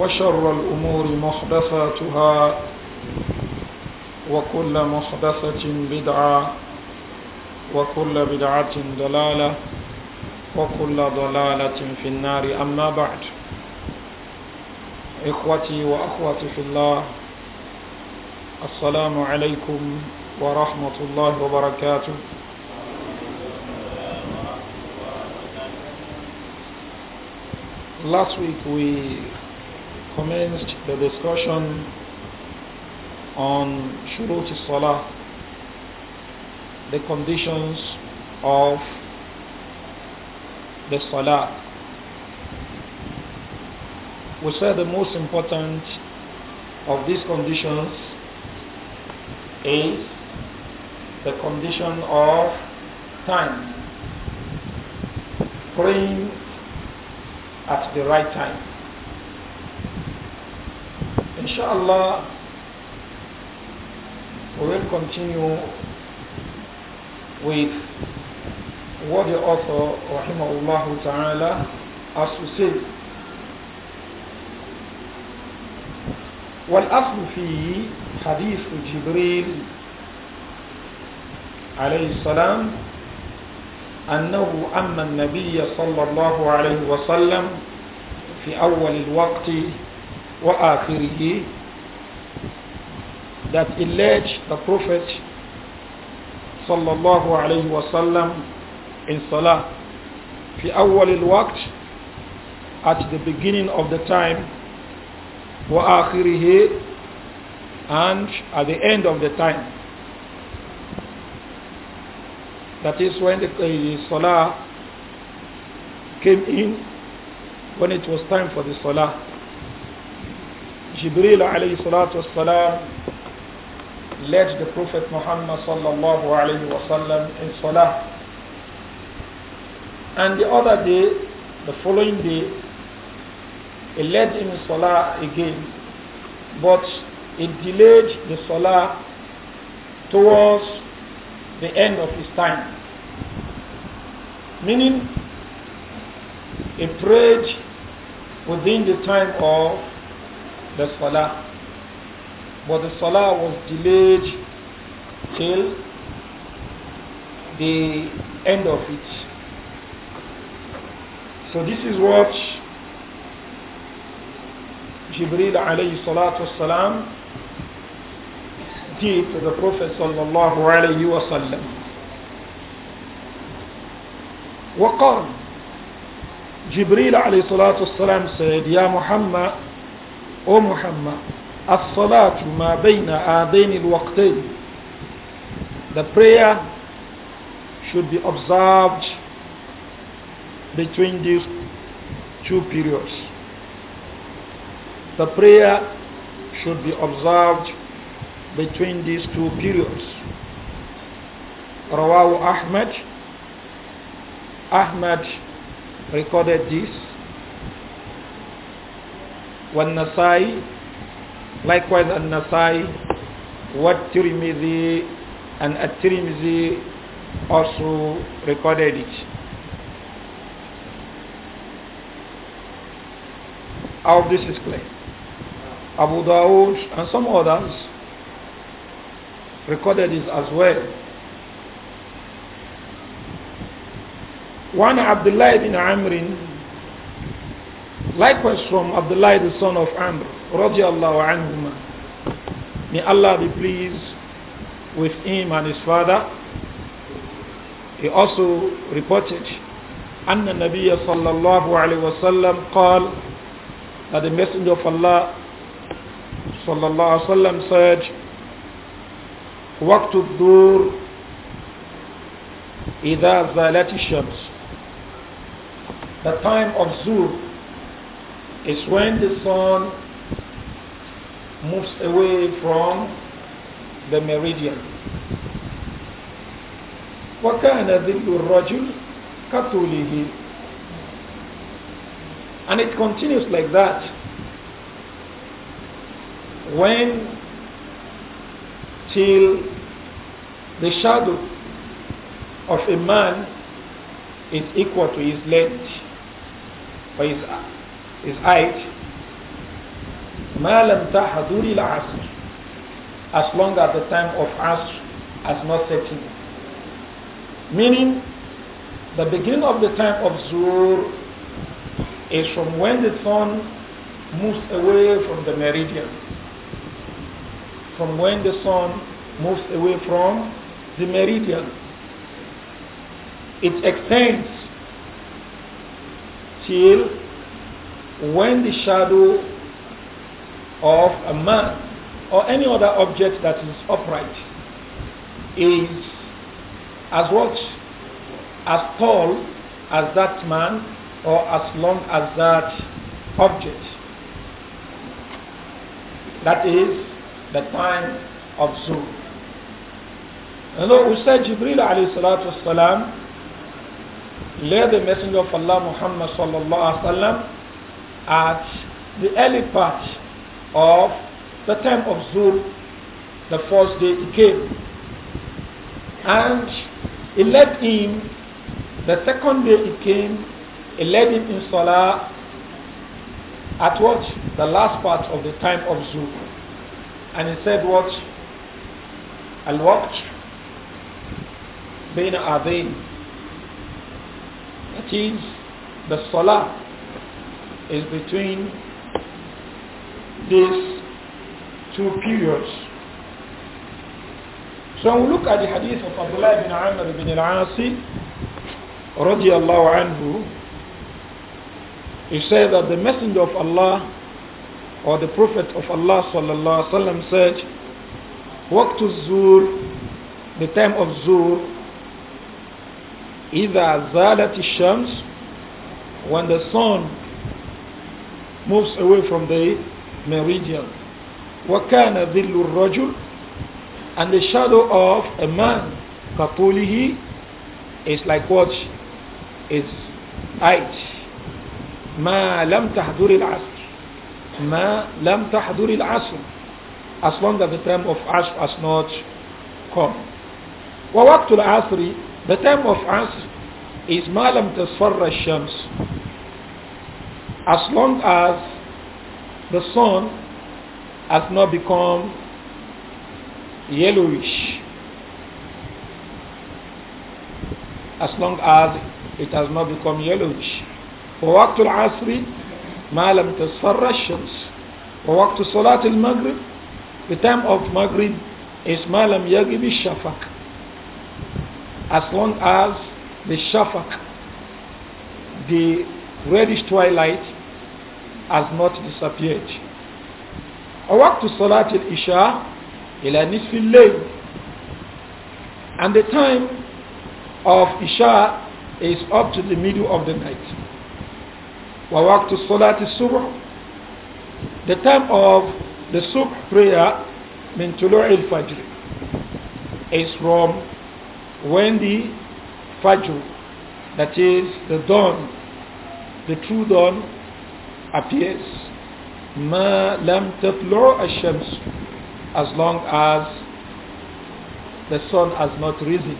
وشر الأمور محدثاتها وكل محدثة بدعة وكل بدعة ضلالة وكل ضلالة في النار أما بعد إخوتي وأخواتي في الله السلام عليكم ورحمة الله وبركاته Last week we commenced the discussion on shurut salah, the conditions of the salah. We said the most important of these conditions is the condition of time, praying at the right time شاء الله we will continue with what the author, الله تعالى has to say. والأصل في حديث جبريل عليه السلام أنه أما النبي صلى الله عليه وسلم في أول الوقت وآخره that alleged the Prophet sallallahu alayhi wasallam, in salah في أول الوقت at the beginning of the time وآخره and at the end of the time that is when the, uh, salah came in when it was time for the salah Jibril alayhi salatu wasalam led the Prophet Muhammad sallallahu alayhi wasallam in salah. And the other day, the following day, he led him in salah again, but he delayed the salah towards the end of his time. Meaning, he prayed within the time of the salah. But the salah was delayed till the end of it. So this is what Jibril alayhi salatu wasalam did to the Prophet sallallahu alayhi wasallam. وقال جبريل عليه الصلاة والسلام said يا محمد O Muhammad, as-salatu ma bayna adain The prayer should be observed between these two periods. The prayer should be observed between these two periods. Rawahu Ahmad. Ahmad recorded this والنسائي likewise النسائي والترمذي and الترمذي also recorded it all this is clear Abu Dawud and some others recorded this as well One عبد الله بن عمرو Likewise from Abdullah the son of Amr, radiallahu anhuma. May Allah be pleased with him and his father. He also reported أن النبي صلى الله عليه وسلم قال that the messenger of Allah صلى الله عليه وسلم said وقت الدور إذا زالت الشمس the time of Zuhr is when the sun moves away from the meridian. وكان ذل الرجل كطوله and it continues like that when till the shadow of a man is equal to his length or his is Eid. Ma lam tahaduri la asr. As long as the time of Asr has not set in. Meaning, the beginning of the time of Zuhr is from when the sun moves away from the meridian. From when the sun moves away from the meridian. It extends till when the shadow of a man or any other object that is upright is as what as tall as that man or as long as that object that is the time of Zuhr. And so we said Jibril alayhi salatu wasalam led the messenger of Allah Muhammad sallallahu alaihi wasallam at the early part of the time of Zul, the first day he came. And he led him, the second day he came, he led him in Salah at what? The last part of the time of Zul. And he said what? Al-Waqt Bain Adin. That is the Salah is between these two periods. So we look at the hadith of Abdullah ibn Amr ibn al-Asi radiallahu anhu. He said that the Messenger of Allah or the Prophet of Allah sallallahu alaihi wasallam said, "Waqt zur, the time of zur, إذا زالت الشمس, when the sun moves away from the meridian. وَكَانَ ذِلُّ الرَّجُلِ And the shadow of a man, كَطُولِهِ is like what? Is height. مَا لَمْ تَحْضُرِ الْعَصْرِ مَا لَمْ تَحْضُرِ الْعَصْرِ As long as the time of Asr has not come. وَوَقْتُ الْعَصْرِ The time of Asr is مَا لَمْ تَصْفَرَّ الشَّمْسِ as long as the sun has not become yellowish, as long as it has not become yellowish. ووقت العصر ما لم تصفر الشمس ووقت صلاة المغرب the time of Maghrib is ما لم يغب الشفق as long as the shafaq the reddish twilight has not disappeared. وقت صلاة العشاء إلى نصف الليل and the time of Isha is up to the middle of the night. ووقت صلاة الصبح the time of the subh prayer min al-fajr is from when the fajr that is the dawn the true dawn appears. Ma lam tatlu ash-shams as long as the sun has not risen.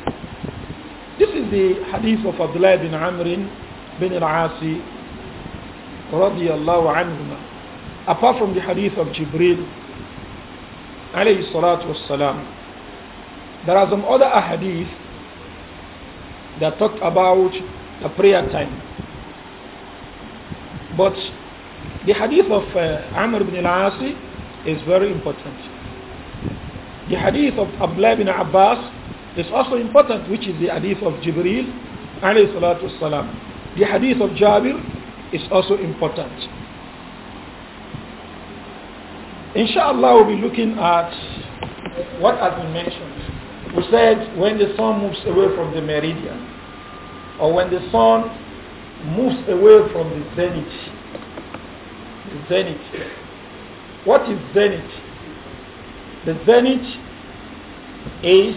This is the hadith of Abdullah bin Amr bin al-Asi radiyallahu anhuma. Apart from the hadith of Jibril alayhi salatu wassalam, there are some other hadith that talked about the prayer time. But the hadith of uh, Amr ibn al-Asi is very important. The hadith of Abdullah ibn Abbas is also important, which is the hadith of Jibril alayhi salatu salam. The hadith of Jabir is also important. Inshallah, we'll be looking at what has been mentioned. We said when the sun moves away from the meridian, or when the sun moves away from the zenith, zenith. What is zenith? The zenith is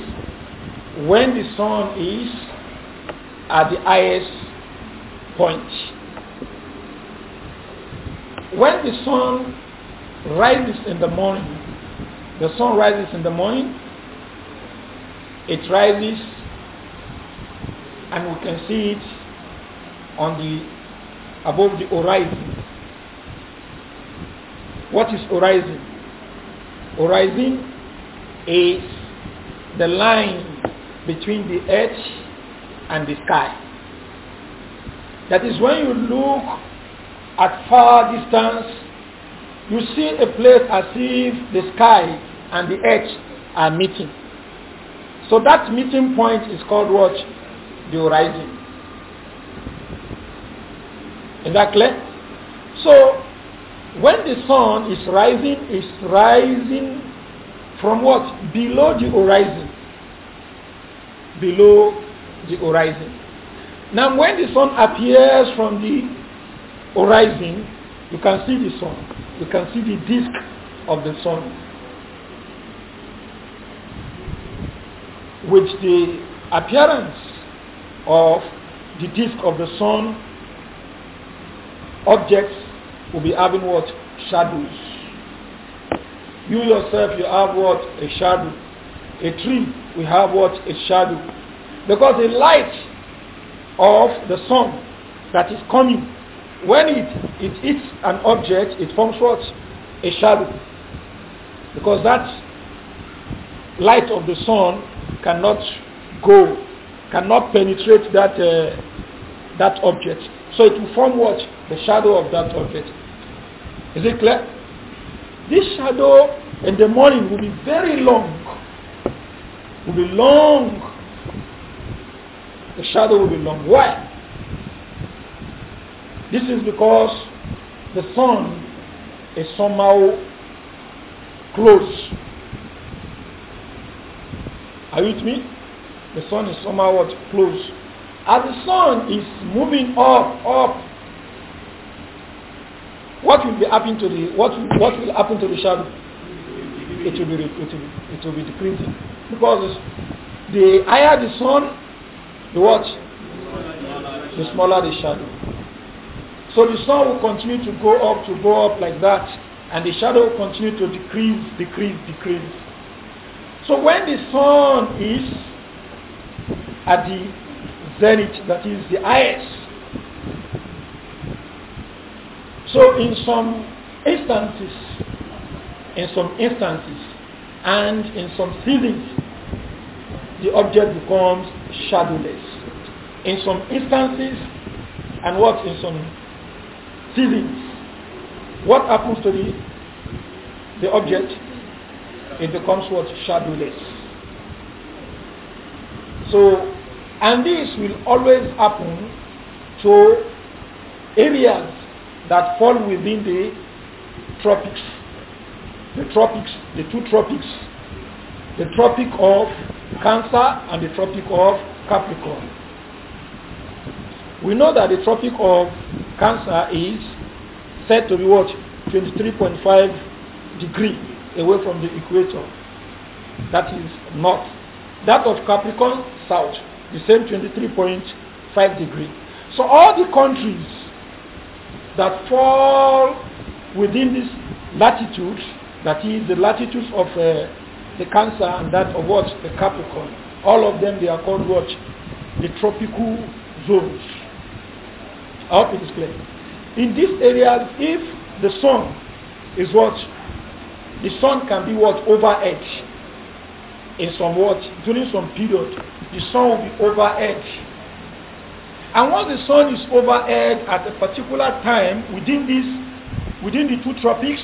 when the sun is at the highest point. When the sun rises in the morning, the sun rises in the morning, it rises and we can see it on the above the horizon what is horizon? Horizon is the line between the earth and the sky. That is when you look at far distance, you see a place as if the sky and the earth are meeting. So that meeting point is called what? The horizon. Is that clear? So when the sun is rising, it's rising from what? Below the horizon. Below the horizon. Now when the sun appears from the horizon, you can see the sun. You can see the disk of the sun. With the appearance of the disk of the sun, objects will be having what? Shadows. You yourself, you have what? A shadow. A tree, we have what? A shadow. Because the light of the sun that is coming, when it, it hits an object, it forms what? A shadow. Because that light of the sun cannot go, cannot penetrate that, uh, that object. So it will form what? The shadow of that object. Is it clear? This shadow in the morning will be very long. Will be long. The shadow will be long. Why? This is because the sun is somehow close. Are you with me? The sun is somehow close. As the sun is moving up, up, what will be happen to the what what will happen to the shadow? It will be it will, it will be decreasing because the higher the sun, the what? The smaller the shadow. So the sun will continue to go up to go up like that, and the shadow will continue to decrease, decrease, decrease. So when the sun is at the zenith, that is the highest, So in some instances, in some instances, and in some seasons, the object becomes shadowless. In some instances, and what in some seasons, what happens to the, the object? It becomes what? Shadowless. So, and this will always happen to areas that fall within the tropics. The tropics, the two tropics. The tropic of Cancer and the tropic of Capricorn. We know that the tropic of Cancer is said to be what? 23.5 degree away from the equator. That is north. That of Capricorn, south. The same 23.5 degree. So all the countries that fall within this latitude, that is the latitudes of uh, the Cancer and that of what? The Capricorn. All of them, they are called what? The tropical zones. I hope it is clear. In these areas, if the sun is what? The sun can be what? Over edge. In some what? During some period, the sun will be over edge and once the sun is overhead at a particular time within this, within the two tropics,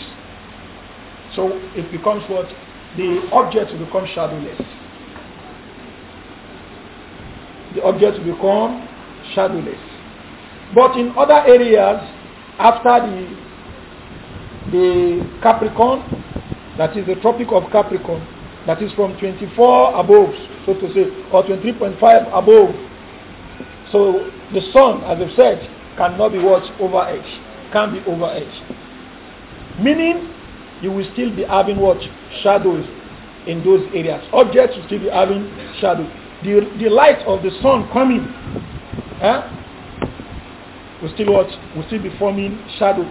so it becomes what? The object will become shadowless. The object will become shadowless. But in other areas, after the the Capricorn, that is the Tropic of Capricorn, that is from 24 above, so to say, or 23.5 above, so the sun, as I've said, cannot be watched over edge, can't be over edge. Meaning, you will still be having what? Shadows in those areas. Objects will still be having shadows. The, the light of the sun coming eh, will still what? Will still be forming shadow.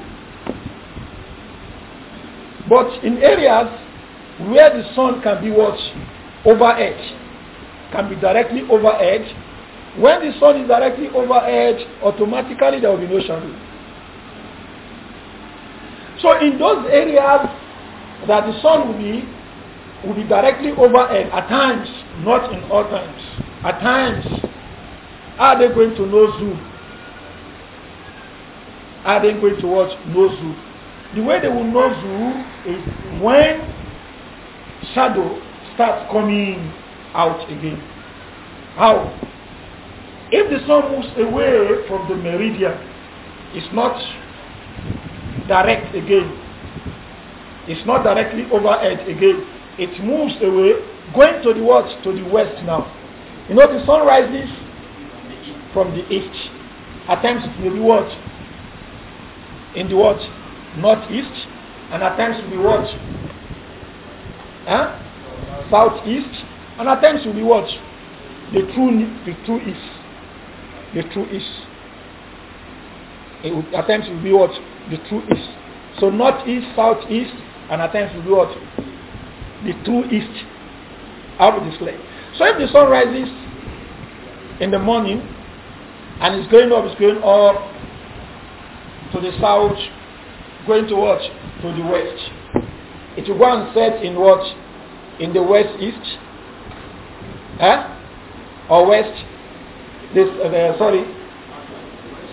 But in areas where the sun can be watched over edge, can be directly over edge, when the sun is directly overhead, automatically there will be no shadow. So in those areas that the sun will be, will be directly overhead, at times, not in all times, at times, are they going to know zoo? Are they going to watch no zoo? The way they will know zoo is when shadow starts coming out again. How? If the sun moves away from the meridian, it's not direct again. It's not directly overhead again. It moves away, going to the what? To the west now. You know the sun rises from the east. At times it will be what? In the what? Northeast. And at times it will be what? Huh? Southeast. And at times it will be what? The true, the true east the truth is. It attempts to will be what the truth is. So north east, south east, and attempts to be what the true east out of this lake. So if the sun rises in the morning and it's going up, it's going up to the south, going to what? To the west. It will go and set in what? In the west east. Huh? Or west this uh, uh, sorry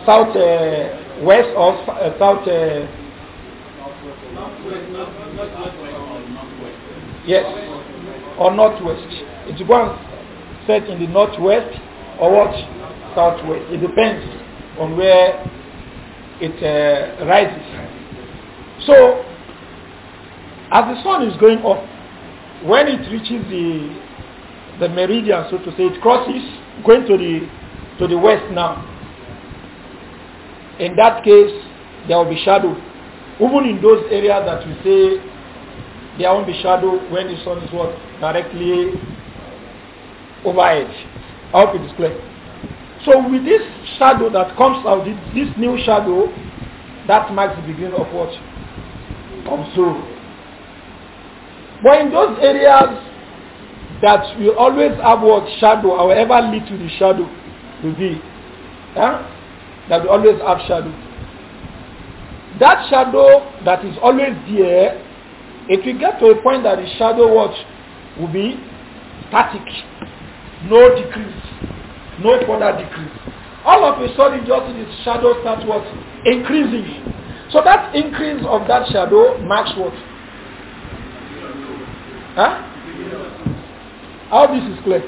south uh, west or uh, south uh, yes or northwest it once set in the northwest or what southwest it depends on where it uh, rises so as the sun is going up when it reaches the the meridian so to say it crosses going to the to the west now. In that case, there will be shadow. Even in those areas that we say there won't be shadow when the sun is what? Directly overhead. I hope it is clear. So with this shadow that comes out, this new shadow, that marks the beginning of what? Of Zoro. But in those areas that we always have what shadow, however little the shadow, will be. That we always have shadow. That shadow that is always there, if we get to a point that the shadow watch will be static, no decrease, no further decrease. All of a sudden, just this shadow starts what? Increasing. So that increase of that shadow marks what? Huh? All this is clear.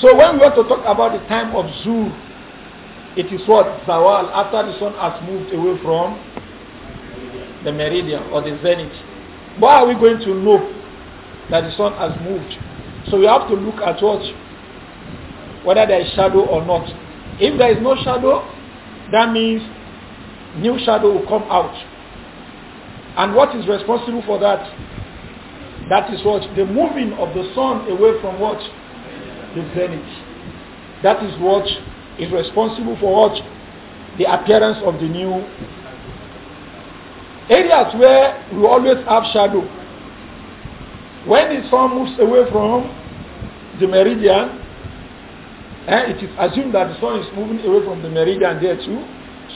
So when we want to talk about the time of Zuhr, it is what? Zawal, after the sun has moved away from the meridian or the zenith. Why are we going to know that the sun has moved? So we have to look at what? Whether there is shadow or not. If there is no shadow, that means new shadow will come out. And what is responsible for that? That is what? The moving of the sun away from what? replenish. That is what is responsible for what? The appearance of the new areas where we always have shadow. When the sun moves away from the meridian, eh, it is assumed that the sun is moving away from the meridian there too.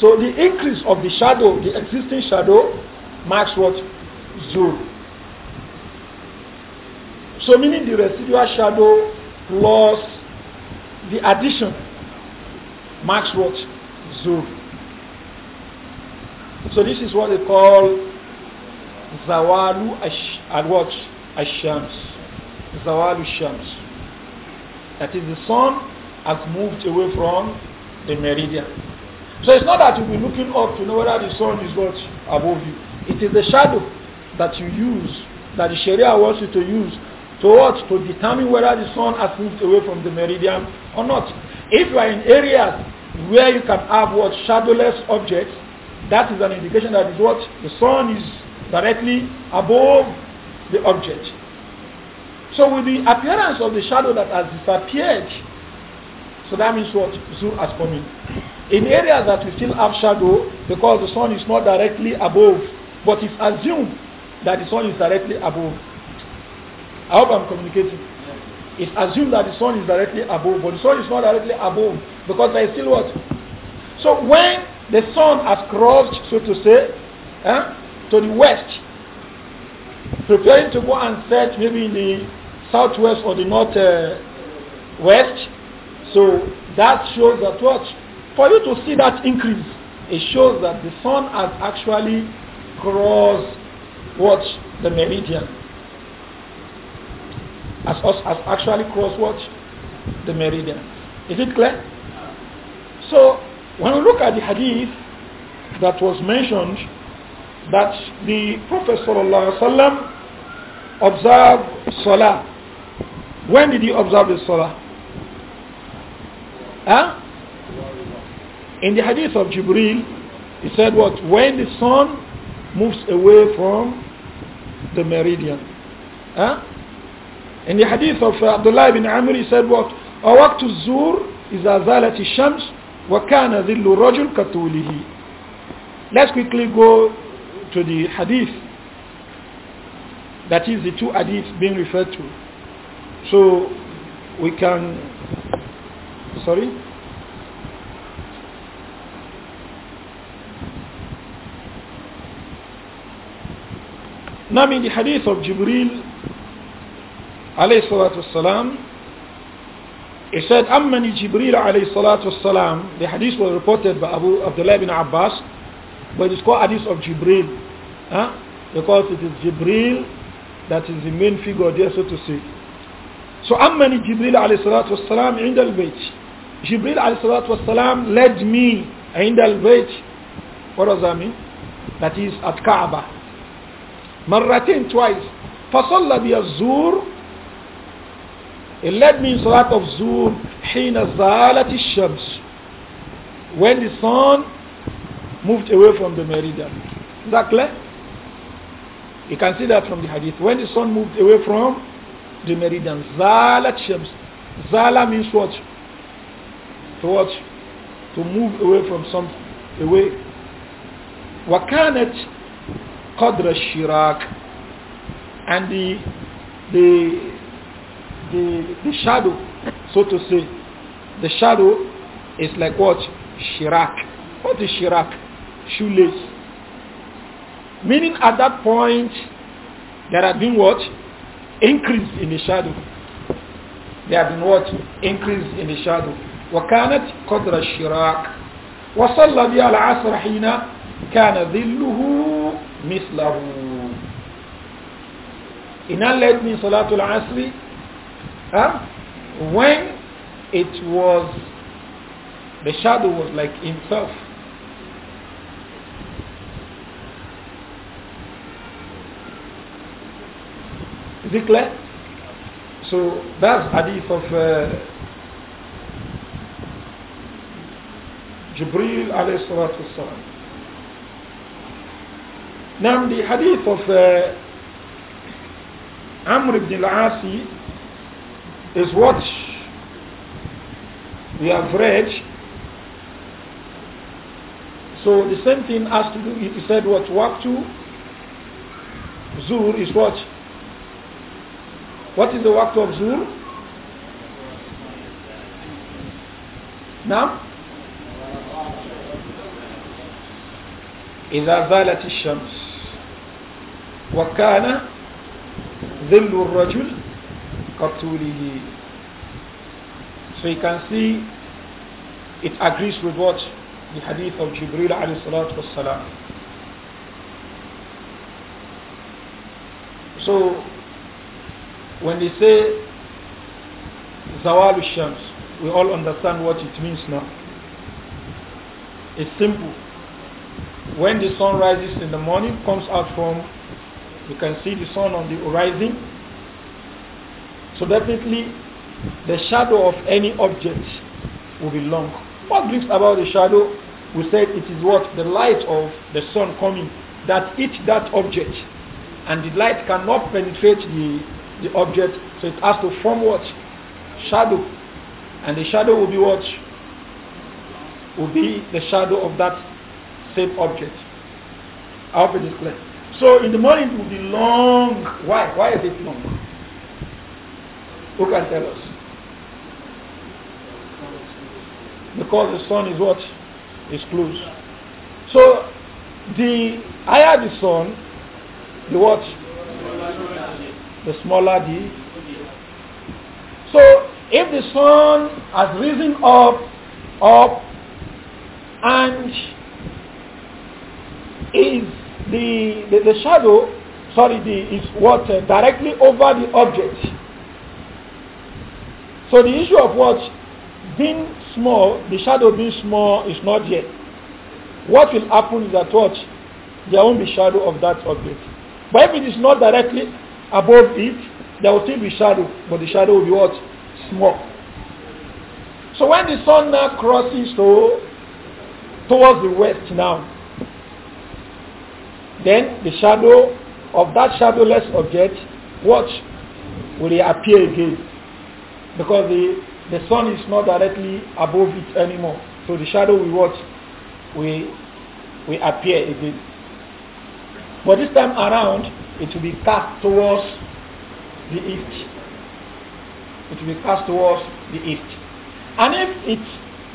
So the increase of the shadow, the existing shadow, marks what? Zero. So meaning the residual shadow plus the addition max what? Zul. So this is what they call Zawalu ash, what? Ashams. Zawalu Shams. That is the sun has moved away from the meridian. So it's not that you'll be looking up to know whether the sun is what above you. It is the shadow that you use, that the Sharia wants you to use to what? To determine whether the sun has moved away from the meridian or not. If you are in areas where you can have what shadowless objects, that is an indication that is what the sun is directly above the object. So with the appearance of the shadow that has disappeared, so that means what? sun has come in. In areas that we still have shadow, because the sun is not directly above, but it's assumed that the sun is directly above. I hope I'm communicating. It's assumed that the sun is directly above, but the sun is not directly above because there is still what? So when the sun has crossed, so to say, eh, to the west, preparing to go and set maybe in the southwest or the north uh, west, so that shows that what? For you to see that increase, it shows that the sun has actually crossed what? The meridian. As us has actually cross watch The meridian. Is it clear? So when we look at the hadith that was mentioned that the Prophet observed Salah. When did he observe the Salah? Huh? In the hadith of Jibril, he said what? When the sun moves away from the meridian. Huh? In the hadith of uh, Abdullah ibn Amr, he said what? وَوَقْتُ الزُّورِ إِذَا زَالَتِ الشَّمْسِ وَكَانَ rojul رَجُلْ كَطُولِهِ Let's quickly go to the hadith. That is the two hadiths being referred to. So we can... Sorry? Now in the hadith of Jibril alayhi salatu wasalam, he said, Ammani Jibril alayhi salatu wasalam, the hadith was reported by Abu Abdullah bin Abbas, but it's called hadith of Jibril, because it is Jibril that is the main figure there, so to say. So Ammani Jibril alayhi salatu wasalam, عند البيت. Jibril alayhi salatu wasalam led me عند البيت. What does that mean? That is at Kaaba. مرتين twice. فصلى بي الزور it led me in Salat of Zuhr, Hina Zalati Shams, when the sun moved away from the meridian. Is that clear? You can see that from the hadith. When the sun moved away from the meridian, Zalat Shams. Zala means what? To watch. To move away from something. Away. Wakanet قَدْرَ shirak And the, the the, the shadow, so to say. The shadow is like what? Shirak. What is Shirak? Shoelace. Meaning at that point, there have been what? Increase in the shadow. There have been what? Increase in the shadow. وكانت قدر الشراك وصلى بها العصر حين كان ظله مثله إن ليت من صلاة العصر Huh? When it was, the shadow was like himself. Is it clear? So that's hadith of uh, Jibril alayhi salatu wasalam. Now the hadith of uh, Amr ibn al-Asi is what we have read. So the same thing has to do, he said what Waqtu Zur is what? What is the Waqtu of Zur? Now? إذا زالت الشمس وكان ظل الرجل وَقَتُولِهِ so you can see it agrees with what the hadith of Jibril alayhi salatu wassalam. So when they say Zawal Shams, we all understand what it means now. It's simple. When the sun rises in the morning, comes out from, you can see the sun on the horizon, so definitely the shadow of any object will be long. What brings about the shadow? We said it is what? The light of the sun coming that hits that object. And the light cannot penetrate the, the object, so it has to form what? Shadow. And the shadow will be what? Will be the shadow of that same object. I hope it is clear. So in the morning it will be long. Why? Why is it long? Who can tell us? Because the sun is what? Is close. So the higher the sun, the what? The smaller the. So if the sun has risen up, up, and is the, the, the shadow, sorry, the, is what uh, directly over the object, so the issue of what being small, the shadow being small is not yet. What will happen is that what there won't be shadow of that object. But if it is not directly above it, there will still be shadow, but the shadow will be what? Small. So when the sun now crosses to, towards the west now, then the shadow of that shadowless object, what, will appear again. Because the, the sun is not directly above it anymore. So the shadow we watch will, will appear again. But this time around, it will be cast towards the east. It will be cast towards the east. And if it,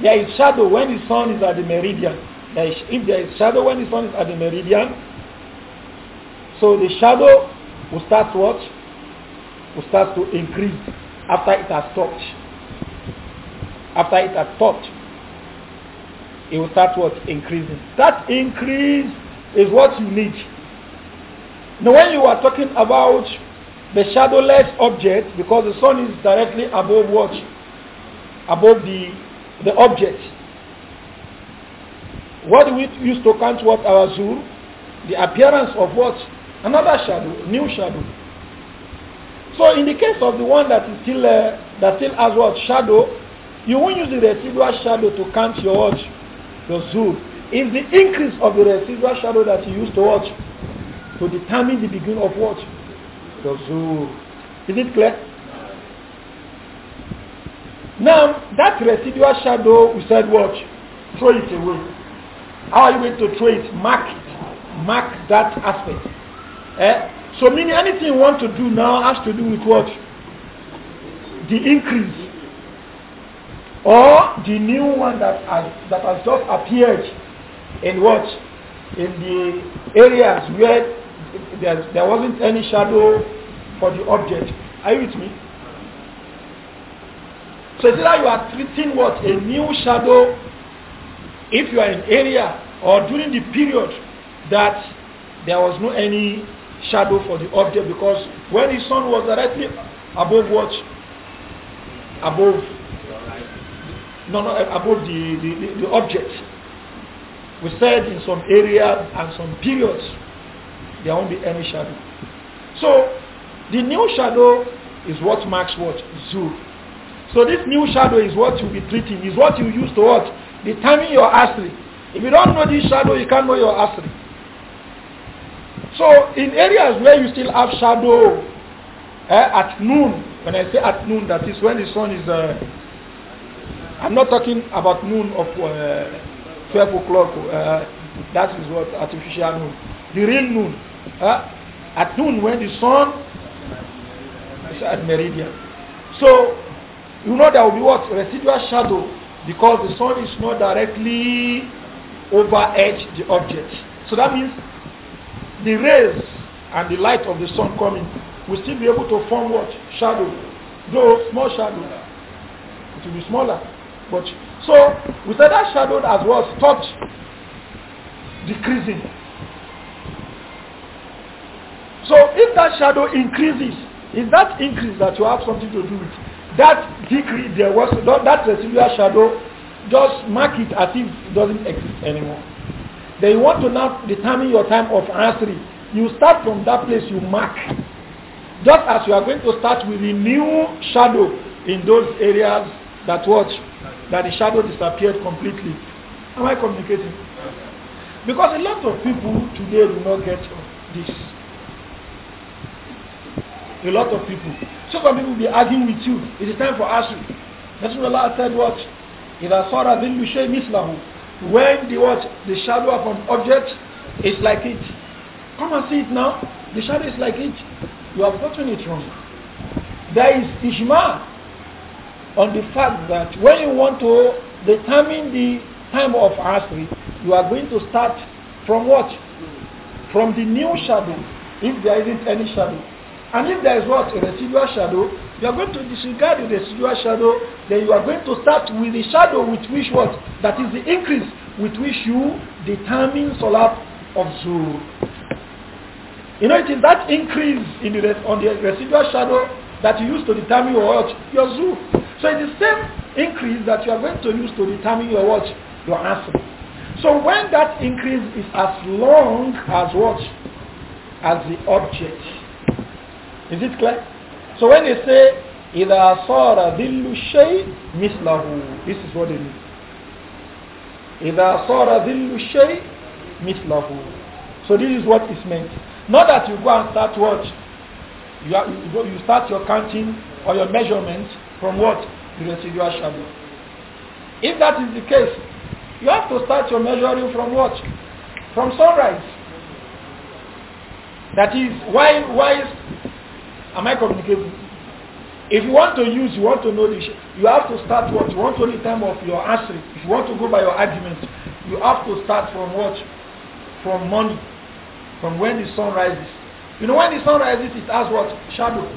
there is shadow when the sun is at the meridian, there is, if there is shadow when the sun is at the meridian, so the shadow will start watch, Will start to increase after it has stopped. After it has stopped, it will start what? Increasing. That increase is what you need. Now when you are talking about the shadowless object, because the sun is directly above what? Above the, the object. What we used to count what our zoom, The appearance of what? Another shadow, new shadow. So in the case of the one that is still uh, that still has what shadow, you won't use the residual shadow to count your watch, your zoom. It's the increase of the residual shadow that you use to watch to determine the beginning of watch, your zoom. Is it clear? Now that residual shadow, we said watch, throw it away. How are you going to throw it? Mark it. Mark that aspect. Eh? So meaning anything you want to do now has to do with what? The increase. Or the new one that has, that has just appeared in what? In the areas where there, there wasn't any shadow for the object. Are you with me? So it's like you are treating what? A new shadow if you are in area or during the period that there was no any shadow for the object because when his sun was directly above what? Above no, no, above the, the, the, object. We said in some areas and some periods there won't be any shadow. So the new shadow is what marks what? Zul. So this new shadow is what you'll be treating, is what you use to what? Determine your asri. If you don't know this shadow, you can't know your asri. So in areas where you still have shadow eh, at noon, when I say at noon, that is when the sun is. Uh, I'm not talking about noon of uh, 12 o'clock. Uh, that is what artificial noon. The real noon. at noon when the sun is at meridian. So you know there will be what residual shadow because the sun is not directly over edge the object. So that means the rays and the light of the sun coming will still be able to form what? Shadow. Though small shadow. It will be smaller. But so we said that shadow as well stopped decreasing. So if that shadow increases, is that increase that you have something to do with that decrease there was that residual shadow just mark it as if it doesn't exist anymore. Then you want to now determine your time of answering. You start from that place you mark. Just as you are going to start with a new shadow in those areas that watch, that the shadow disappeared completely. Am I communicating? Because a lot of people today do not get this. A lot of people. So some people will be arguing with you. It is time for us. Allah said what? إذا صار ذل شيء مثله when the what the shadow of an object is like it. Come and see it now. The shadow is like it. You have gotten it wrong. There is Ishma on the fact that when you want to determine the time of Asri, you are going to start from what? From the new shadow, if there isn't any shadow. And if there is what? A residual shadow, you are going to disregard the residual shadow, then you are going to start with the shadow with which what? That is the increase with which you determine solar of You know, it is that increase in the on the residual shadow that you use to determine your watch, your zuhr. So it is the same increase that you are going to use to determine your watch, your answer. So when that increase is as long as what? As the object. Is it clear? So when they say, إِذَا صَارَ ذِلُّ الشَّيْءِ مِثْلَهُ This is what they mean. إِذَا صَارَ ذِلُّ الشَّيْءِ مِثْلَهُ So this is what is meant. Not that you go and start what? You, are, you, go, you start your counting or your measurement from what? The residual shadow. If that is the case, you have to start your measuring from what? From sunrise. That is, why why. Am I communicating? If you want to use, you want to know this, you have to start what? You want to the time of your answering. If you want to go by your argument, you have to start from what? From morning. From when the sun rises. You know, when the sun rises, it has what? Shadow.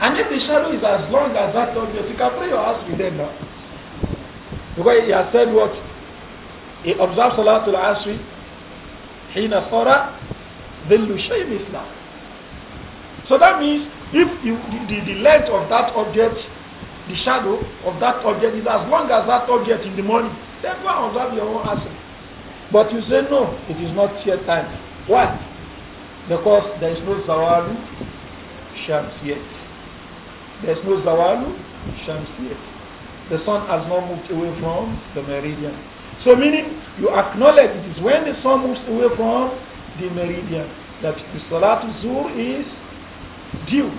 And if the shadow is as long as that you can play your house with them now. Because he has said what? He observes a lot Salatul Asri. حين صار ظل الشيء مثله so that means if you, the, the, length of that object, the shadow of that object is as long as that object in the morning, then go and observe your own answer. But you say no, it is not yet time. Why? Because there is no Zawalu Shams yet. There is no Zawalu Shams yet. The sun has not moved away from the meridian. So meaning you acknowledge it is when the sun moves away from the meridian that the Salatul Zuhr is due.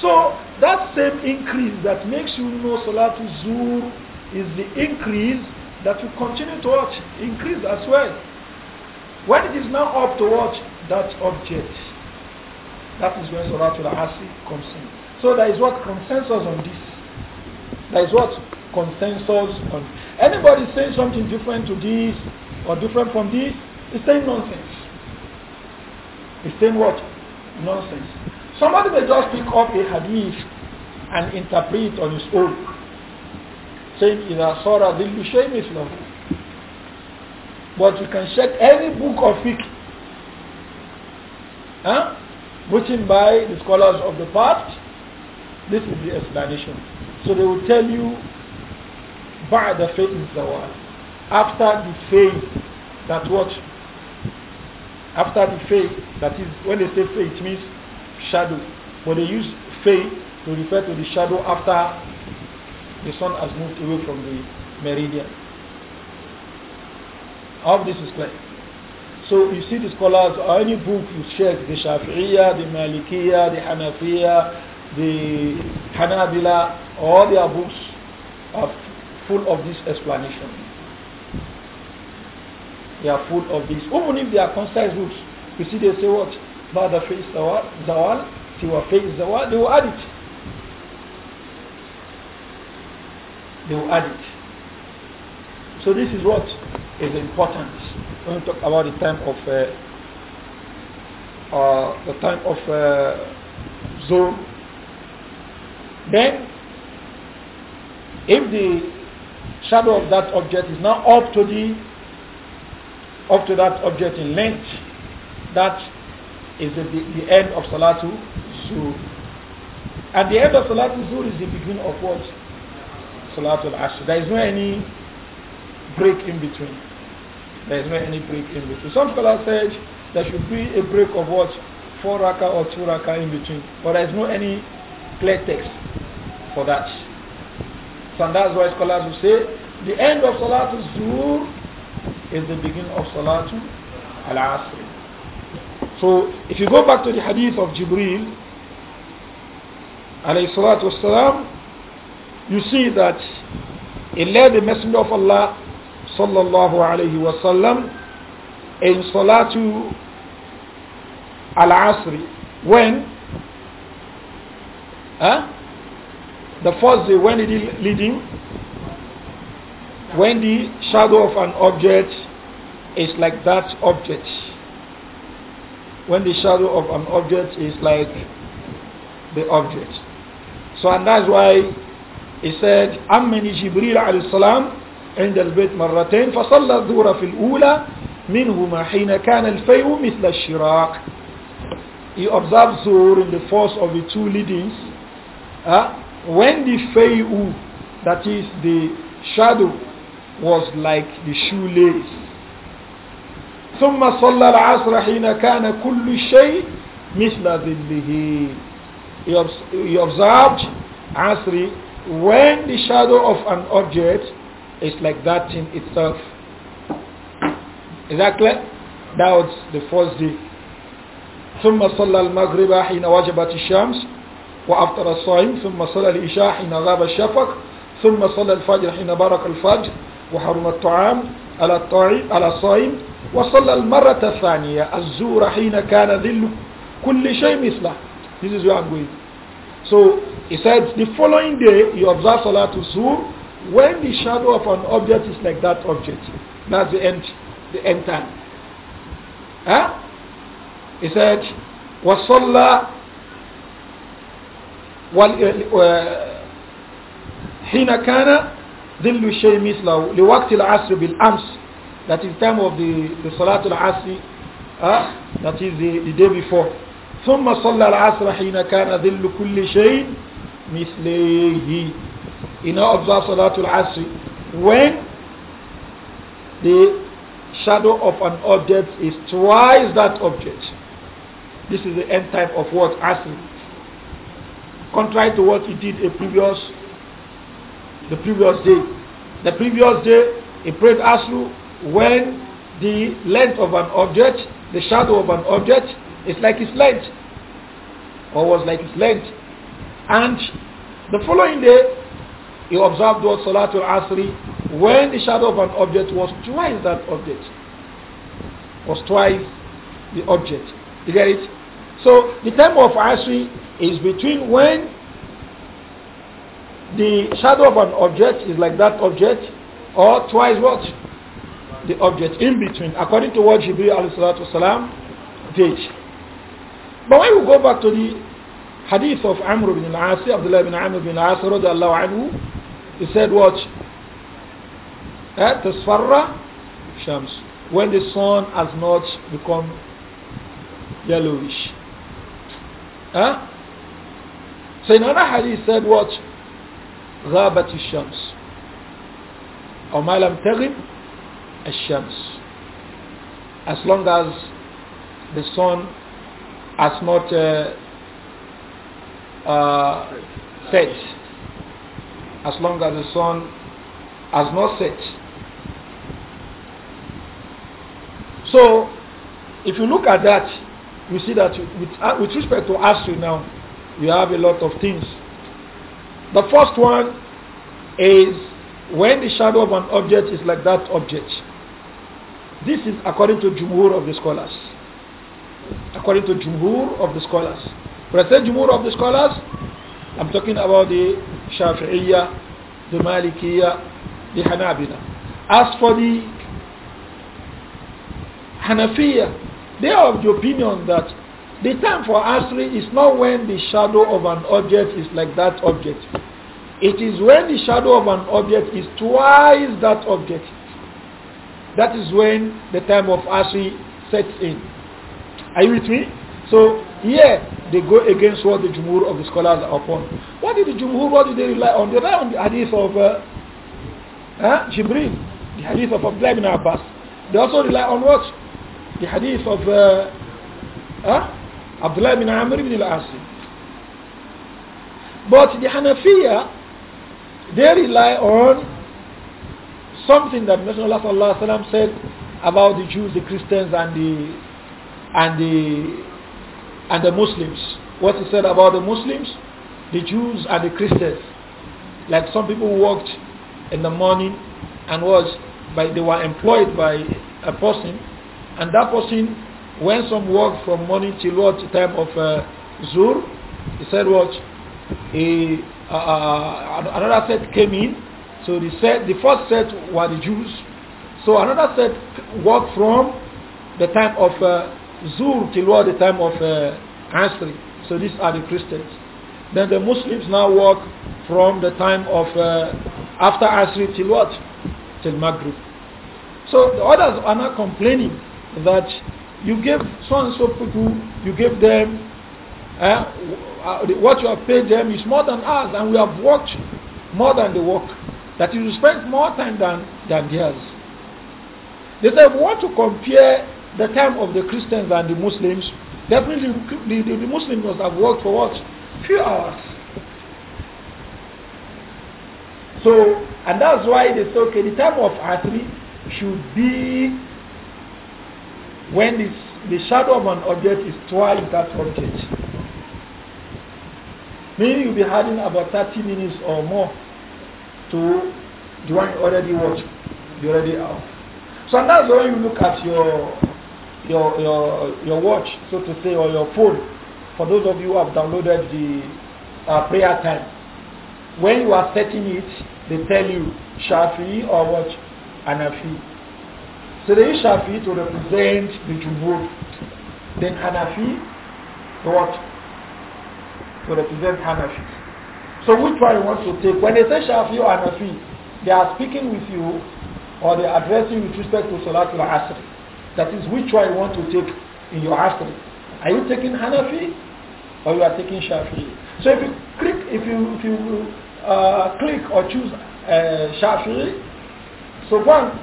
So that same increase that makes you know Salatul Zuhr is the increase that you continue to watch, increase as well. When it is now up to watch that object, that is when Salatul Asr comes in. So there is what consensus on this. There is what consensus on. Anybody saying something different to this or different from this is saying nonsense. It's saying what? Nonsense. Somebody may just pick up a hadith and interpret on his own, saying, إِذَا صَرَ ذِلُّ شَيْءٍ مِثْلَهُ But you can check any book of fiqh huh? written by the scholars of the past. This is the explanation. So they will tell you, the is the word." after the faith that what? After the faith, that is, when they say faith, it means shadow. But they use faith to refer to the shadow after the sun has moved away from the meridian. All this is clear. So you see the scholars, any book you check, the Shafi'iyah, the Malikiyah, the Hanafiyah, the Hanabila, all their books are full of this explanation. They are full of this. Even if they are concise books, you see they say what? بعد فعل زوال سوى فعل one, they will add it they will add it so this is what is important when we talk about the time of uh, uh, the time of uh, Zoom then if the shadow of that object is now up to the up to that object in length that is the, the, end of Salatu Zuhr. At the end of Salatu Zuhr is the beginning of what? Salatu Asr. There is no any break in between. There is no any break in between. Some scholars said there should be a break of what? Four raka or two raka in between. But there is no any clear text for that. So that's why scholars will say the end of Salatu Zuhr is the beginning of Salatu Al-Asr. So if you go back to the hadith of Jibril, alayhi you see that he led the Messenger of Allah sallallahu alayhi wasallam in salatu al-asri when huh? the first day when it is leading, when the shadow of an object is like that object when the shadow of an object is like the object. So and that's why he said, أمن جبريل عليه السلام عند البيت مرتين فصلى الظهر في الأولى منهما حين كان الفيء مثل الشراق. He observed Zuhr in the force of the two leadings. Uh, when the fayu, that is the shadow, was like the shoelace. ثم صلى العصر حين كان كل شيء مثل ظله he observed عصر when the shadow of an object is like that in itself exactly that was the first day ثم صلى المغرب حين وجبت الشمس وأفطر الصائم ثم صلى العشاء حين غاب الشفق ثم صلى الفجر حين بارك الفجر وحرم الطعام على الطعيم على الصائم وصلى المرة الثانية الزور حين كان ذل كل شيء مثله this is where I'm going so he said the following day you observe to Zuhr when the shadow of an object is like that object that's the end the end time huh? he said وصلى وال... حين كان ظل الشيء مثله لوقت العصر بالأمس that is time of the, the صلاة Asr, uh, that is the, the day before ثم صلى العصر حين كان ظل كل شيء مثله in our observe Asr. when the shadow of an object is twice that object this is the end time of what Asr contrary to what he did a previous the previous day. The previous day, he prayed Asru when the length of an object, the shadow of an object, is like its length, or was like its length. And the following day, he observed what Salatul Asri when the shadow of an object was twice that object, was twice the object. You get it? So the time of Asri is between when the shadow of an object is like that object or twice what? The object in between according to what Jibril Salam did. But when we go back to the hadith of Amr bin al-As, Abdullah bin Amr bin al-As radiallahu anhu, he said what? Eh, tasfarra Shams. When the sun has not become yellowish. Huh? Eh? So in another hadith said what? غابت الشمس أو ما لم تغب الشمس as long as the sun has not uh, uh, set as long as the sun has not set so if you look at that you see that with, uh, with respect to astro now you have a lot of things the first one is when the shadow of an object is like that object. This is according to Jumhur of the scholars. According to Jumhur of the scholars. When I say Jumhur of the scholars, I'm talking about the Shafi'iyya, the Malikiyya, the Hanabila. As for the Hanafiya, they are of the opinion that the time for Asri is not when the shadow of an object is like that object. It is when the shadow of an object is twice that object. That is when the time of Ashi sets in. Are you with me? So here they go against what the Jumhur of the scholars are upon. What did the Jumhur, what did they rely on? They rely on the hadith of uh, huh? Jibril, the hadith of Abdullah ibn Abbas. They also rely on what? The hadith of uh, huh? Abdullah ibn Amr ibn al-Asi. But the Hanafiya, they rely on something that Messenger of Allah said about the Jews, the Christians and the and the and the Muslims. What he said about the Muslims, the Jews and the Christians. Like some people worked in the morning and was by they were employed by a person and that person when some work from morning till what time of uh, Zur, he said what? He uh, uh another set came in. So the set, the first set were the Jews. So another set worked from the time of uh, Zur till what the time of uh, So these are the Christians. Then the Muslims now work from the time of uh, after Asri till what? Till Maghrib. So the others are not complaining that you gave so and so people, you gave them Eh? Uh, what you have paid them is more than us, and we have worked more than the work. That you spend more time than, than theirs. They say, if we want to compare the time of the Christians and the Muslims, definitely the, the, the Muslims must have worked for what? Few hours. So, and that's why they say, okay, the time of Asri should be when this, the shadow of an object is twice that object. Maybe you'll be having about 30 minutes or more to the one already watch, you already out. So that's when you look at your your your your watch, so to say, or your phone. For those of you who have downloaded the uh, prayer time, when you are setting it, they tell you Shafi or watch Anafi. So they use Shafi to represent the Jumhur. Then Anafi, the what? to represent Hanafi, So which one you want to take? When they say Shafi or Hanafi, they are speaking with you or they are addressing you with respect to Salatul Asr. That is which one you want to take in your Asr. Are you taking Hanafi or you are taking Shafi? So if you click, if you, if you uh, click or choose uh, Shafi, so one,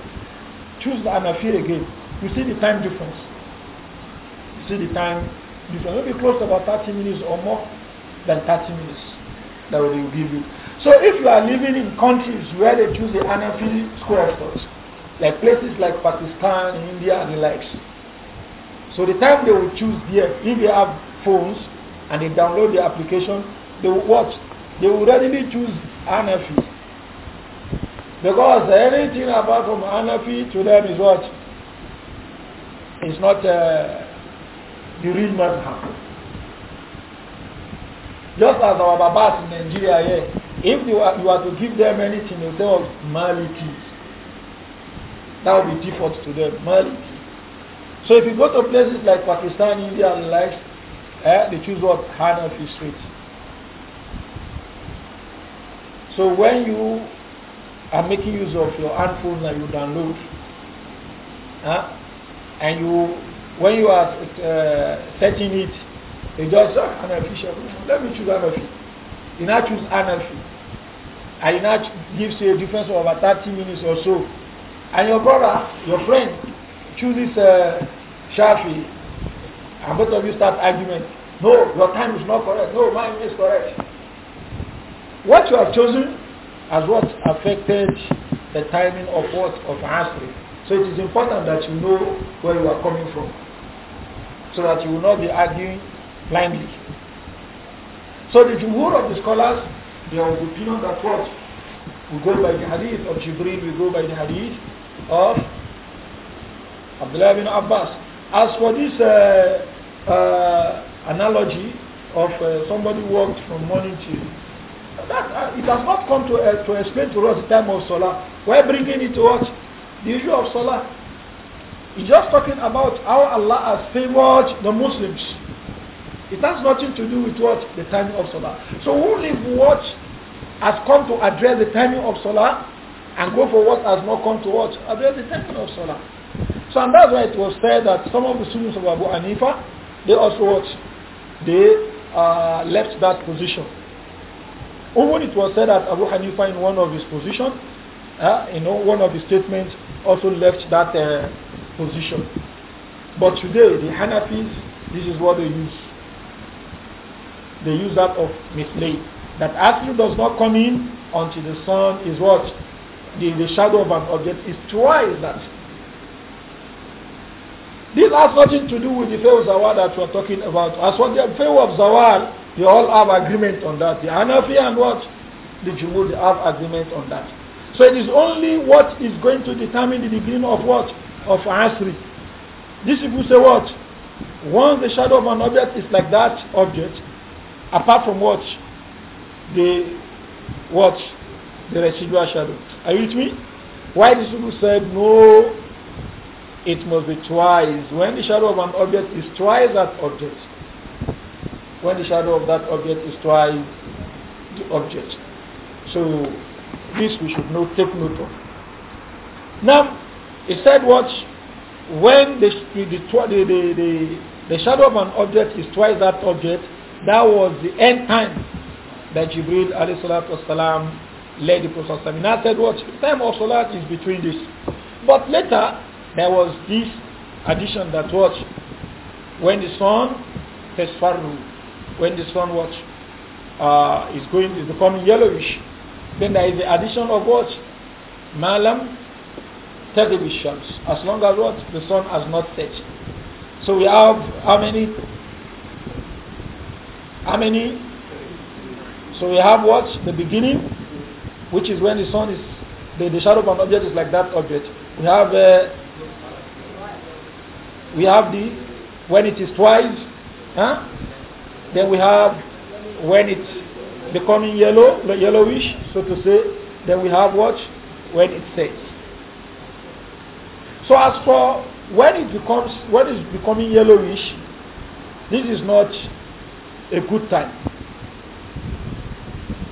choose Hanafi again. You see the time difference. You see the time difference. Maybe close to about 30 minutes or more than 30 minutes that we will give you. So if you are living in countries where they choose the Hanafi school of thought, like places like Pakistan, India, and the likes, so the time they will choose there, if they have phones and they download the application, they will watch. They will readily choose Hanafi. Because anything apart from Hanafi to them is what? It's not uh, the real happen. Just as our Babas in Nigeria here, if you are, you are to give them anything, they tell us mality. That will be default to them, mality. So if you go to places like Pakistan, India, and the likes, eh, they choose what Hanafi street. So when you are making use of your handphone that you download, eh, and you when you are uh, setting it he just said, Hanafi, Let me choose Hanafi. He now choose Hanafi. And he now gives you a difference of about 30 minutes or so. And your brother, your friend, chooses uh, Shafi. And both of you start argument. No, your time is not correct. No, mine is correct. What you have chosen has what affected the timing of what? Of Asri. So it is important that you know where you are coming from so that you will not be arguing blindly. So the jumhur of the scholars, they are of the opinion that what? We go by the hadith of Jibril, we go by the hadith of Abdullah bin Abbas. As for this uh, uh, analogy of uh, somebody worked from morning till that, uh, it has not come to, uh, to explain to us the time of Salah. We're bringing it to us the issue of Salah. He's just talking about how Allah has favored the Muslims. It has nothing to do with what? The timing of Salah. So who leave what has come to address the timing of Salah and go for what has not come to what? Address the timing of Salah. So and that's why it was said that some of the students of Abu Hanifa, they also what? They uh, left that position. Even it was said that Abu Hanifa in one of his positions, uh, know, one of his statements, also left that uh, position. But today, the Hanafis, this is what they use they use that of mislay. That actually does not come in until the sun is what? The, the shadow of an object is twice that. This has nothing to do with the of Zawar that we're talking about. As for the Fayu of Zawar, they all have agreement on that. The Hanafi and what? The Jumud have agreement on that. So it is only what is going to determine the beginning of what? Of Asri. These people say what? Once the shadow of an object is like that object, apart from what the what the residual shadow. Are you with me? Why the Sulu said no, it must be twice. When the shadow of an object is twice that object, when the shadow of that object is twice the object. So this we should not take note of. Now, he said what when the the, the, the, the shadow of an object is twice that object, that was the end time that Jibril alayhi salatu wasalam led the Prophet Sallallahu I said what? The time of Salat is between this. But later, there was this addition that what? When the sun tasfarru, when the sun was Uh, is going, is becoming yellowish. Then there is the addition of what? Malam television As long as what? The sun has not set. So we have how many? How many? So we have what? The beginning, which is when the sun is, the, the shadow of an object is like that object. We have, uh, we have the, when it is twice, huh? then we have when it's becoming yellow, yellowish, so to say, then we have what? When it sets. So as for when it becomes, when it's becoming yellowish, this is not a good time.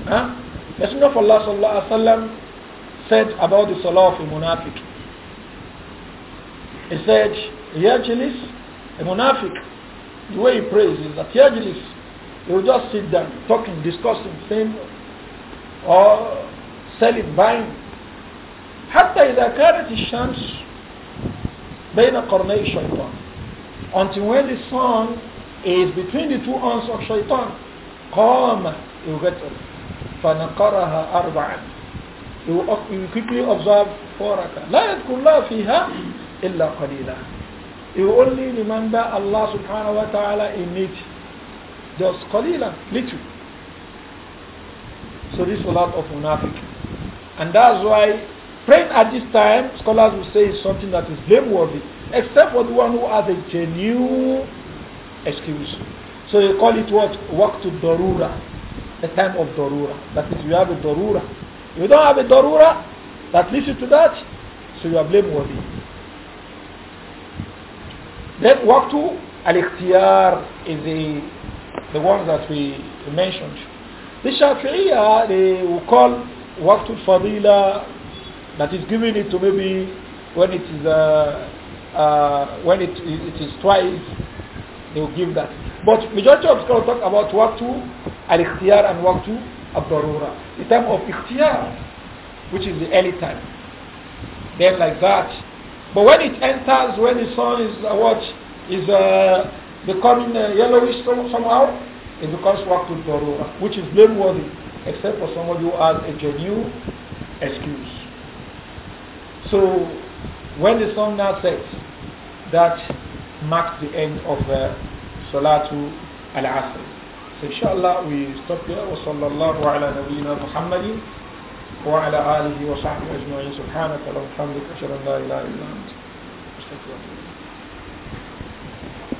Huh? Messenger of Allah sallallahu alaihi wasallam said about the salah of a munafiq. He said, Yajlis, a munafiq, the way he prays is that Yajlis, he will just sit down, talking, discussing, saying, or selling, buying. حتى إذا كانت الشمس بين قرني الشيطان until when the sun is between the two arms of shaitan. قام he will get up. فنقرها quickly observe four rakah. La يذكر الله فيها إلا قليلا only remember Allah subhanahu wa ta'ala in it. Just قليلا, little. So this is a lot of munafiq. And that's why praying at this time, scholars will say is something that is blameworthy, except for the one who has a genuine excuse. So you call it what? to darura, the time of darura. That is, you have a darura. You don't have a darura that leads you to that, so you are blameworthy. Then waqtu al-ikhtiyar is the, the one that we mentioned. The Shafi'iyah, they will call waqtu al-fadila, that is giving it to maybe when it is uh, uh, when it, it is twice he will give that. But majority of scholars talk about waqtu al-ikhtiyar and waqtu al-darura. The time of ikhtiyar, which is the early time. Then like that. But when it enters, when the sun is uh, what is uh, becoming uh, yellowish somehow, it becomes waqtu al-darura, which is blameworthy, except for somebody who has a genuine excuse. So when the sun now says that marks the end of uh, Salatu al-Asr. So inshallah we stop here. وصلى الله على نبينا محمد وعلى آله وصحبه أجمعين سبحانك اللهم وبحمدك أشهد أن لا إله إلا أنت أستغفرك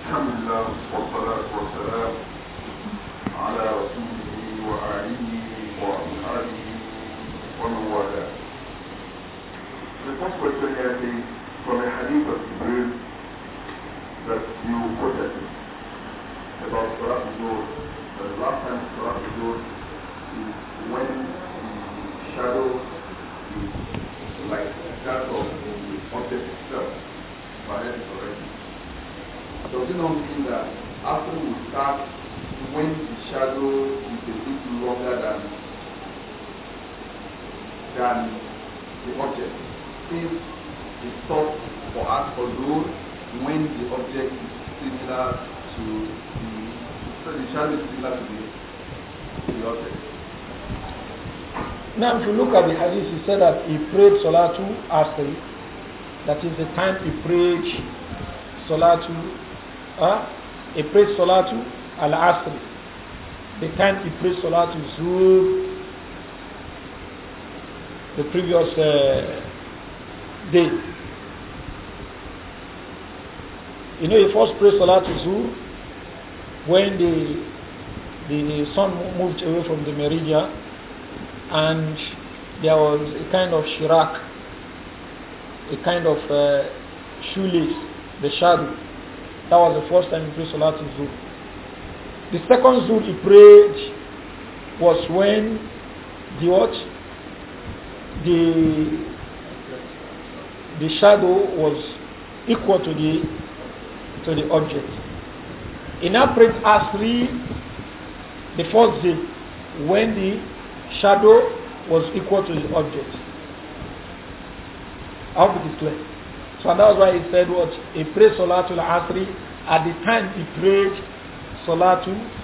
الحمد لله والصلاة والسلام على رسوله وآله وأصحابه ومن والاه. The first question here is from a hadith of Jibril that you or 13 about last Zuhr. The last time Salat Zuhr is when the shadow is like shadow of the object itself, Bahed already. So it know mean that after we start, when the shadow is a bit longer than than the object, since the thought for us for Zuhr when the object is similar to the so the shadow is similar to the, the object. Now, if you look at the hadith, he said that he prayed Salatu Asri. That is the time he prayed Salatu, uh, he prayed Salatu Al Asri. The time he prayed Salatu Zuhr, the previous uh, day. You know, he first prayed Salatul Zuhr when the, the, the sun moved away from the meridian and there was a kind of shirak, a kind of uh, shoelace, the shadow. That was the first time he prayed Salatul Zuhr. The second Zuhr he prayed was when the what? The, the shadow was equal to the to the object. He now prayed Asri the first day when the shadow was equal to the object. I hope it is clear. So that was why he said what? He prayed Salatul Asri. At the time he prayed Salatul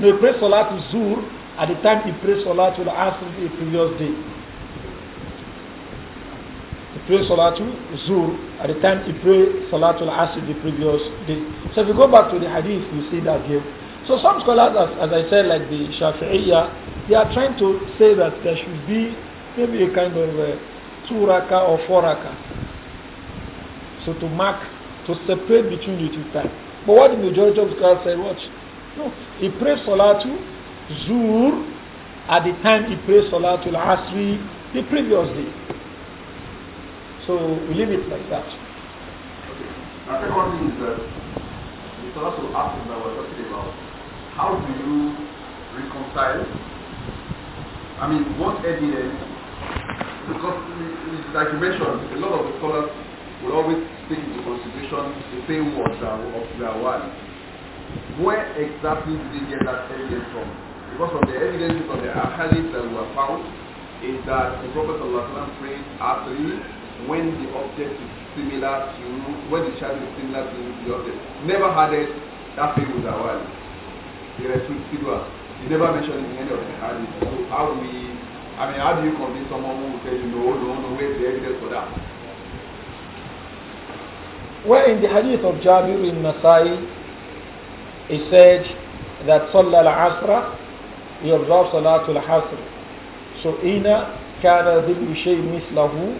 no, he prayed Salatul Zur. At the time he prayed Salatul Asri the previous day he prayed Salatul Zuhr at the time he prayed Salatul Asr the previous day. So if you go back to the hadith, you see that here. So some scholars, as, as I said, like the Shafi'iyya, they are trying to say that there should be maybe a kind of a two raka or four raka. So to mark, to separate between the two times. But what the majority of scholars say, watch. No, he prayed Salatul Zuhr at the time he prayed Salatul Asr the previous day. So we leave it like that. Okay. Now, second thing is that it's also asking that we're talking about how do you reconcile? I mean, what evidence? Because like you mentioned, a lot of scholars will always take into consideration the same words of their one. Where exactly did they get that evidence from? Because of the evidence of the ahadith that were found is that the Prophet prayed after when the object is similar to when the child is similar to the object. Never had it that thing with Awali. The Rasul He never mentioned in any of the hadith. So how do we I mean how do you convince someone who will tell you no, no, no, where's the evidence for that? Well in the hadith of Jabir in Masai he said that Salah al-Asra he observed Salatul Hasr. So Ina كان ذل شيء مثله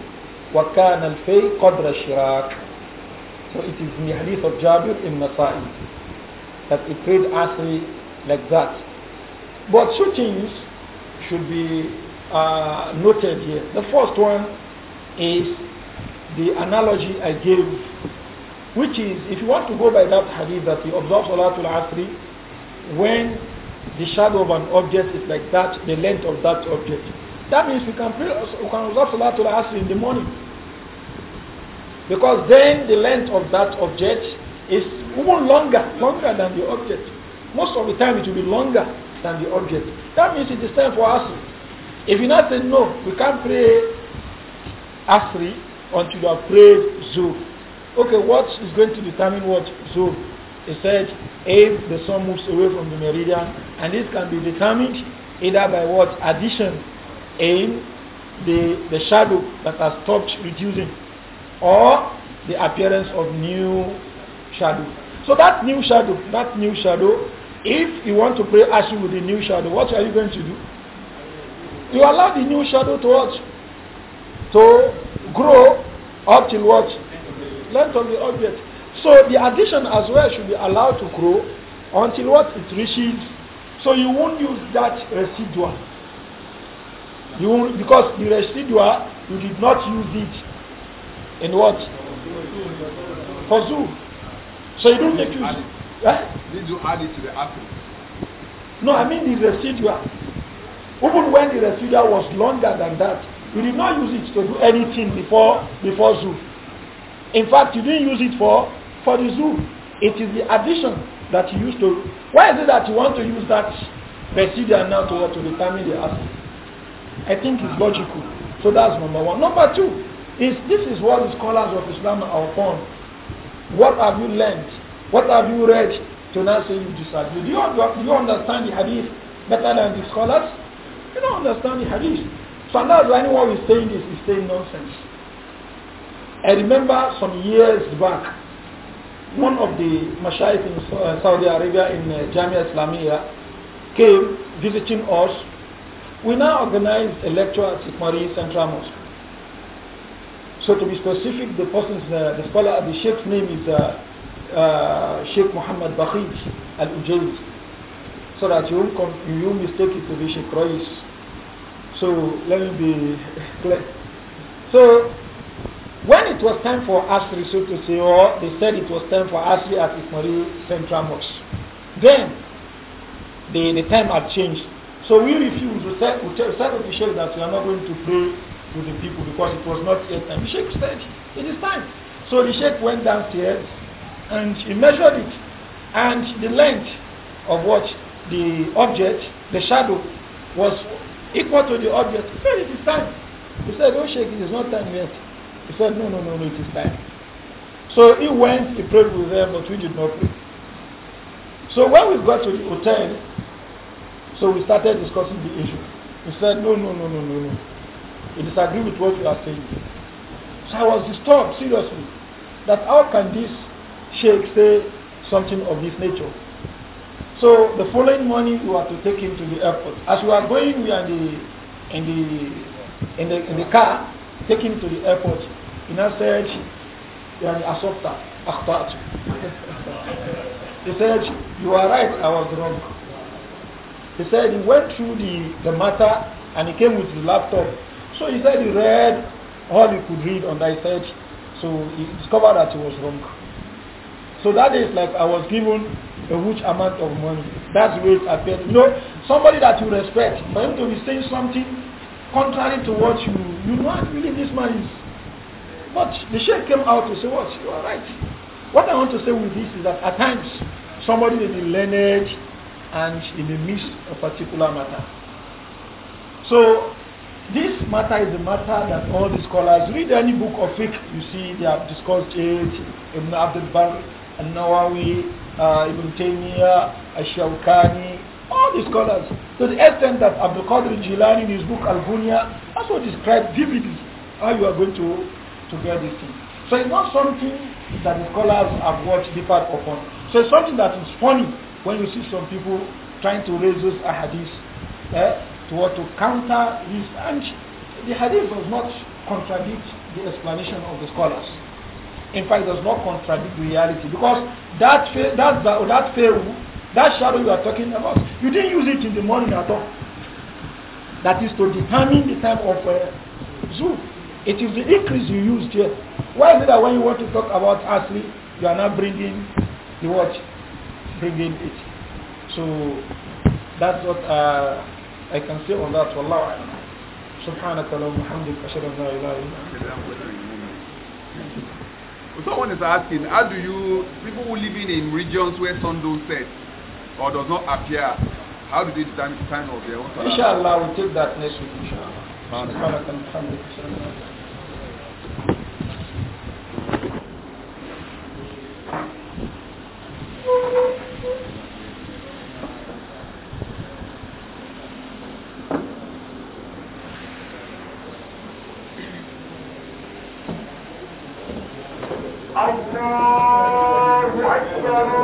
وَكَانَ الْفَيْء قَدْرَ الشِّرَاكِ So it is in the hadith of Jabir in Nasa'i that he prayed Asri like that. But two things should be uh, noted here. The first one is the analogy I gave, which is if you want to go by that hadith that you Allah Salatul Asri, when the shadow of an object is like that, the length of that object. That means we can, pray, we can observe Salatul Asr in the morning. Because then the length of that object is even longer, longer than the object. Most of the time it will be longer than the object. That means it is time for us. If you not say no, we can't pray Asri until you have prayed Zuhr. Okay, what is going to determine what Zuhr? He said, if the sun moves away from the meridian, and this can be determined either by what addition in the, the shadow that has stopped reducing or the appearance of new shadow. So that new shadow, that new shadow, if you want to pray Ashi with the new shadow, what are you going to do? You allow the new shadow to what? To grow up till what? Length of the object. So the addition as well should be allowed to grow until what? It reaches. So you won't use that residual. You because the residual, you did not use it in what? For zoo. So you don't make use. Huh? Eh? Did you add it to the apple? No, I mean the residual. Even when the residual was longer than that, you did not use it to do anything before before zoo. In fact, you didn't use it for for the zoo. It is the addition that you used to. Why is it that you want to use that residual now to, to determine the acid? I think it's logical. So that's number one. Number two is this is what the scholars of Islam are upon. What have you learned? What have you read to now say you disagree? Do you, do you understand the hadith better than the scholars? You don't understand the hadith. So now anyone who is saying this is saying nonsense. I remember some years back, one of the mashayikh in uh, Saudi Arabia in uh, Jamia Islamia came visiting us we now organize a lecture at Sikmari Central Mosque. So to be specific, the person's, uh, the scholar the Sheikh's name is uh, uh, Sheikh Muhammad Bakhij Al-Ujayz. So that you will you will mistake it to be Sheikh Rais. So let me be clear. So when it was time for Asri, so to say, or they said it was time for Asri at Ismail Central Mosque, then the, the time had changed. So we refused We said, we said to the sheikh that we are not going to pray to the people because it was not yet time. The sheikh said, it is time. So the sheikh went downstairs and he measured it. And the length of what the object, the shadow, was equal to the object. He said, it is time. He said, oh sheikh, it is not time yet. He said, no, no, no, no, it is time. So he went, he prayed with them, but we did not pray. So when we got to the hotel, so we started discussing the issue. He said, no, no, no, no, no, no. He disagreed with what you are saying. So I was disturbed, seriously, that how can this sheikh say something of this nature? So the following morning, we were to take him to the airport. As we were going, we are in the in the in the, in the car, taking him to the airport. He now said, "You are the asopta, He said, "You are right. I was wrong." He said he went through the, the matter and he came with his laptop. So he said he read all he could read on that stage. So he discovered that he was wrong. So that is like I was given a huge amount of money. That's where I it appeared. You know, somebody that you respect, for him to be saying something contrary to what you, you know, I believe this man is. But the sheikh came out to say, what? You are right. What I want to say with this is that at times, somebody may be learned, and he may miss a particular matter. So this matter is a matter that all the scholars read any book of fiqh, you see they have discussed it, Ibn Abdul Barr, nawawi uh, Ibn Taymiyyah, ash all the scholars. To the extent that Abdul Qadir Jilani in his book Al-Bunya also described vividly how you are going to, to get this thing. So it's not something that the scholars have watched differed upon. So it's something that is funny when you see some people trying to raise those ahadith eh, to, to counter this, and the hadith does not contradict the explanation of the scholars. In fact, does not contradict reality because that that that that shadow you are talking about, you didn't use it in the morning at all. That is to determine the time of uh, eh, zoo. It is the increase you used here. Why is it that when you want to talk about Asli, you are not bringing the watch? it. So that's what uh, I can say on that. Wallahu a'lam. Someone is asking, how do you, people who live in regions where sun don't set or does not appear, how do they determine the time of their own? Salah? Inshallah, we'll take that next week, inshallah. Allah